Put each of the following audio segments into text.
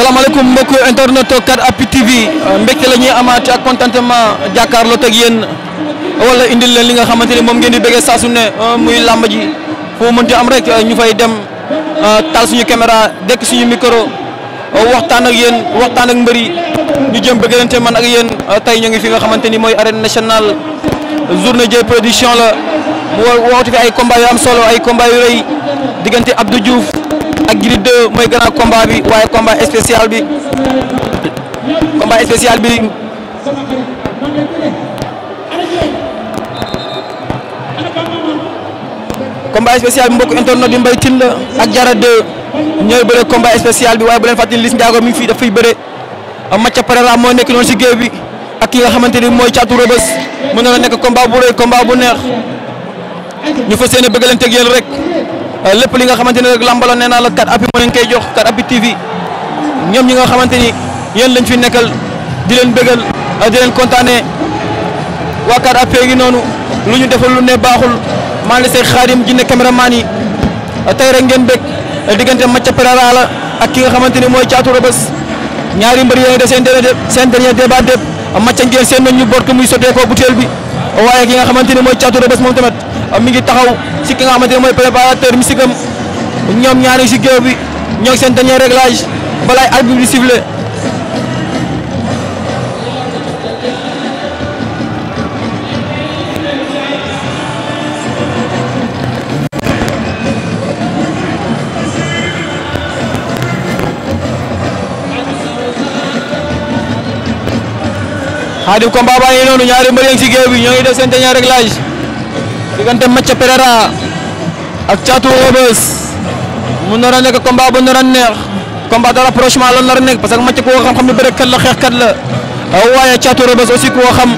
salaamaaleykum mbokk internet 4appuis TV mbekke la ñuy amaat ak contentement jàkkaarloo ak yéen wala indi leen li nga xamante ni moom ngeen di bëggee saa su ne euh, muy làmb ji foo mënti am rek euh, ñu fay dem euh, taal suñu caméra dekk suñu micro waxtaan ak yéen waxtaan ak mbër yi ñu jëm bëggalante man ak yéen tey ñu ngi fi nga xamante ni mooy arène national journée Dieye production la mu waxtu fi ay combat am solo ay combat yu rëy diggante Abdou Diouf. ak Gris 2 mooy grand combat bi waaye combat spécial bi combat spécial bi combat spécial bi mbokk internet di Mbaye Tine ak Diarra 2 ñooy bëre combat spécial bi waaye bu leen fàttali Liss Ndiago mi ngi fii daf fiy bëre ah, Mathieu Pereira moo nekk noonu si géew bi ak ki nga xamante ni mooy caatu rëbës mën na nekk combat bu rëy combat bu neex ñu fas yéene bëggalante ak yéen rek. Euh, lépp li nga xamante ne rek lambaloon nee naa la 4appuis moo leen koy jox ñi nga xamante ni yéen lañ fi nekkal di leen bégal euh, di leen kontaanee waa 4appuis gi noonu lu ñu defal lu ne baaxul maa ngi lay xaadim jinne caméraman yi euh, tey rek ngeen bég diggante Mathia Pereira la ak ki nga xamante ni mooy caatu Rebeuss ñaari mbër yooyu def seen dernier a dernier débat dépp Mathia ngeen seen nañ ñu bor ko muy sotteekoo butéel bi waaye ki nga xamante ni mooy caatu Rebeuss moom tamit. mi ngi taxaw si ki mooy préparateur mystique am ñoom ñaari si géew bi ñoo seen dernier réglage balaay arbitre bi sifflé xaadim combat baa ngi bi ñoo ngi seen dernier diggante Mathia Pereira ak Thiatou Rebeus mu nar a nekk combat bu nar a neex combat de rapprochement la nekk parce que Mathia ku ko xam-xam ne bëre kat la xeex kat la euh, waaye Thiatou Rebeus aussi ku ko xam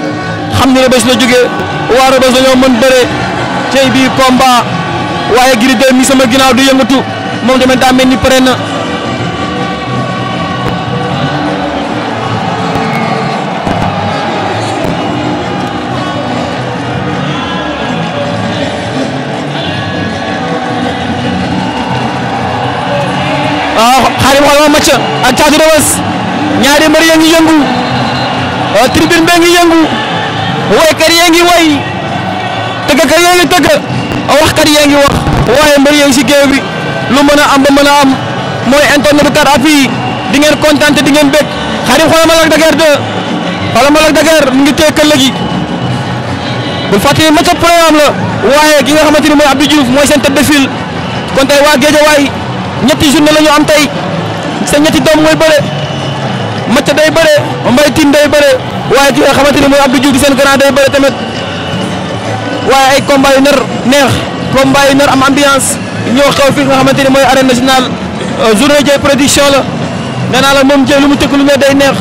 xam ni Rebeus la jógee waa Rebeus dañoo mën bëre tey bii combat waaye Gris mi sama ginnaaw du yëngatu moom tamit daa mel ni pare na. ak Caatu Rebeus ñaari mbër yaa ngi yëngu tribune ba ngi yëngu woykat yaa ngi woy tëggkat yaa ngi tëgg waxkat yaa ngi wax waaye mbër yaa ngi si géew bi lu mën a am ba mën a am mooy internet bu Car Appuis di ngeen kontaan te di ngeen bég xarit xoolal ma Lac de Guiers 2 xoolal ma Lac mu ngi téye këll gi bul fàttali match programme la waaye ki nga xamante ni mooy Abdou Diouf mooy seen tête de file kon tey waa Géejawaay ñetti journée lañu am tey. sa ñetti doom mooy bëre Macha day bëre Mbaye Tine day bëre waaye ki nga xamante ni mooy Abdou Diouf seen grand day bëre tamit waaye ay combat yu nar neex combat yu nar am ambiance ñoo xew fi nga xamante ni mooy arène nationale euh, journée Dieye production la nee naa la moom Dieye lu mu tëkk lu ne day neex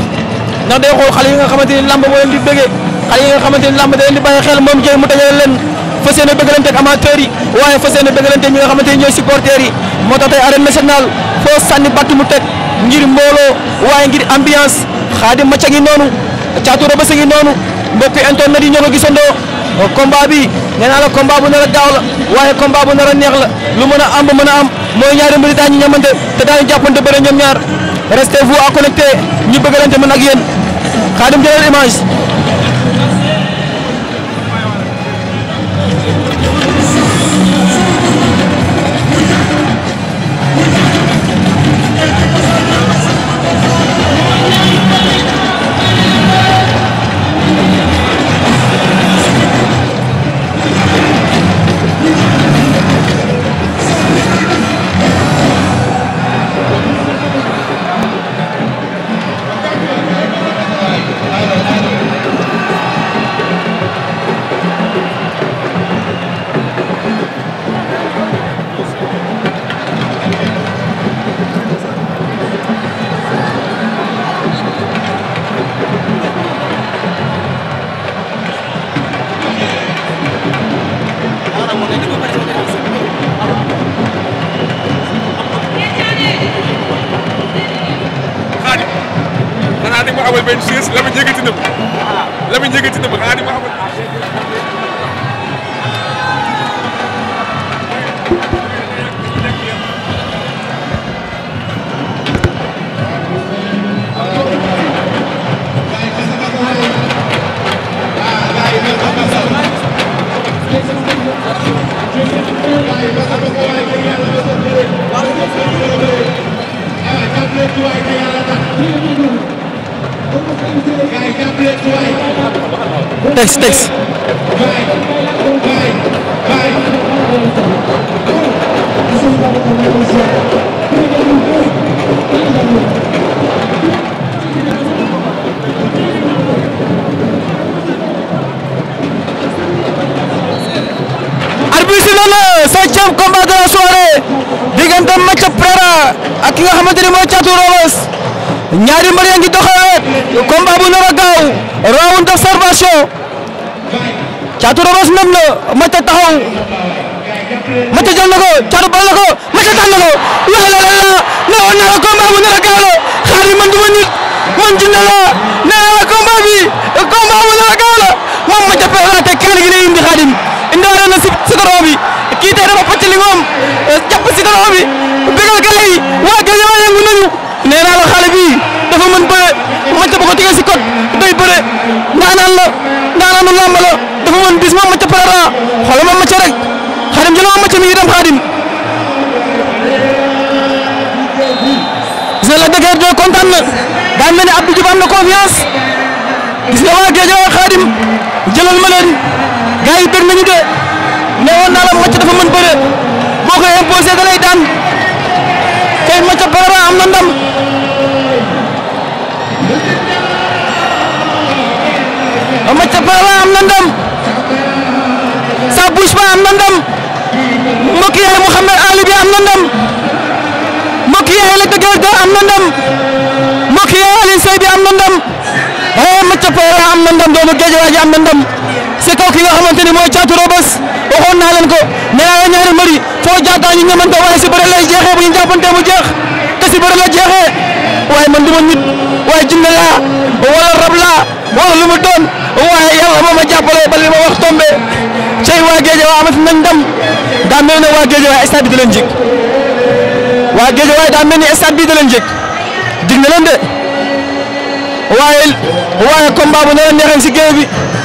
na day xool xale yi nga xamante ni lamb moo leen di bëggee xale yi nga xamante ni lamb da leen di bàyyi xel moom Dieye mu dajale leen fas yéene bëggalante ak amateurs waaye fas yéene moo tax tey doo sànni batt mu teg ngir mbooloo waaye ngir ambiance xaadim maca ngi noonu caatu robasa ngi noonu mbokk internet yi ñoo ko gisandoo oh, combat bi nee naa la combat bu nar a gaaw la waaye combat bu nar a neex la lu mën a am ba mën a am mooy ñaari mbir daañu ñamante te daañu jàppante bëre ñoom ñaar restez vous à connecter ñu bëggalante man ak yéen xaadim jëlal image benn chaise Lamine yëkkati na ko Lamine yëkkati na ko xanaa di ma xamal tex tex cinquième combat de la soirée diggante Macha Prera ak ki nga xamante ni mooy Thiatou Rebeuss ñaari mbër ngi doxalee combat bu nar a gaaw round Caatu Rebeuss moom la Mathia taxaw Mathia jël na Caatu bal na ko Mathia daan na ko la la la ne woon naa la a man du ma nit man jinne la ne la bi combat bu nar a gaaw la moom Mathia te kenn gi lay Xaadim indiwaale na si sikoro bi kii tey dafa pàcc li moom eh, jàpp sikoro bi bégal gale yi waa waa yëngu nañu nee naa la bi dafa mën bëre Mathia bu ko tegee si code day bëre làmb la dafa mën bis moom macca parara xoolal ma macca rek macca mi xaadim gis nga la dëgër de kontaan na daa mel ne Abdou am na confiance gis nga waa géej xaadim jëlal ma leen gars yi de ne naa la macca dafa mën bëre boo ko imposé da daan tey macca parara am na Parfara am na ndam sa Bouchma am na ndam yaay Mouhamed Ali bi am na ndam yaay Lac de Guiers bi am na ndam waaye eh, Macha am na doomu Guédiawaye ji am na ndam c'est kooku nga xamante mooy Thiatou Robes waxoon naa leen ko nee la ñaari mbër yi foo jaataa ñu waaye si bëre lay jeexee bu ñu jàppantee mu jeex te si la jeexee waaye man du waaye jinne laa wala rab laa wala lu mu doon. waaye yàlla moo ma jàppale ba li ma wax tombé cey waa Géejawaay amati nañ ndam daa mel ne waa Géejawaay stade bi da leen jik waa Géejawaay daa mel ni stade bi da leen jik dig na leen de waaye waaye combat bu ne la neexee si géew bi.